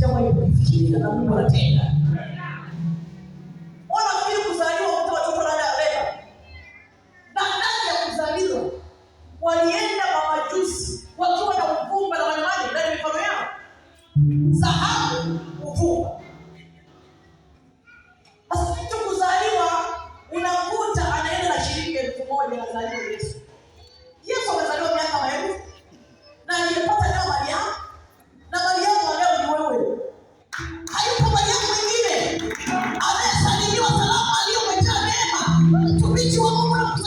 Sijawahi kufikiria na Mungu anatenda. kuzaliwa mtu watoto ya leba na ndani ya kuzaliwa walienda kwa majusi wakiwa na uvumba na walimani ndani mikono yao, uvumba. kuzaliwa unakuta anaenda na shilingi elfu moja mtumishi wa Mungu na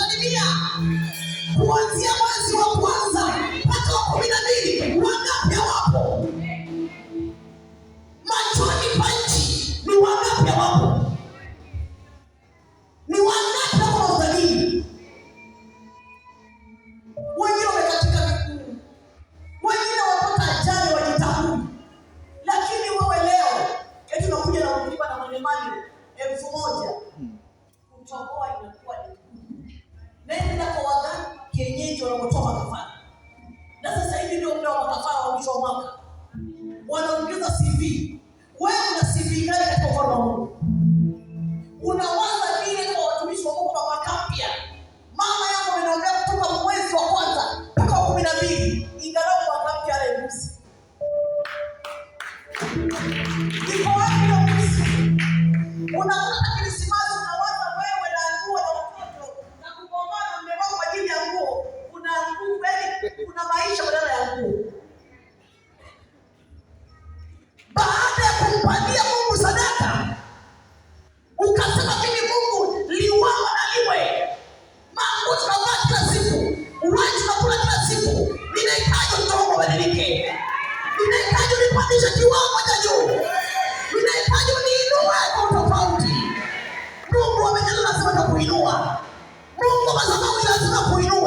kuanzia mwezi wa kwanza mpaka wa kumi na mbili wangapi hawapo? Machoni pa nchi ni wangapi hawapo? Ni wangapi hapo wazalii? Wengine wamekatika miguu, wengine wapata ajali, wajitahudi. Lakini wewe leo eti unakuja na kulipa na manemani elfu moja hmm. kutoboa inakuwa wenyeji wanapotoa makafara, na sasa hivi ndio muda wa makafara wa mwisho wa mwaka, wanaongeza CV. Wewe una CV gani katika ufalme wa Mungu? Unawaza nini kwa watumishi wa Mungu na makapya? Mama yako ameniambia kutoka mwezi wa kwanza mpaka wa kumi na mbili ingalau makapya mpya ale ubadilike. Ninahitaji unipandishe kiwango cha juu, ninahitaji uniinue kwa utofauti. Mungu amejaliwa, lazima kuinua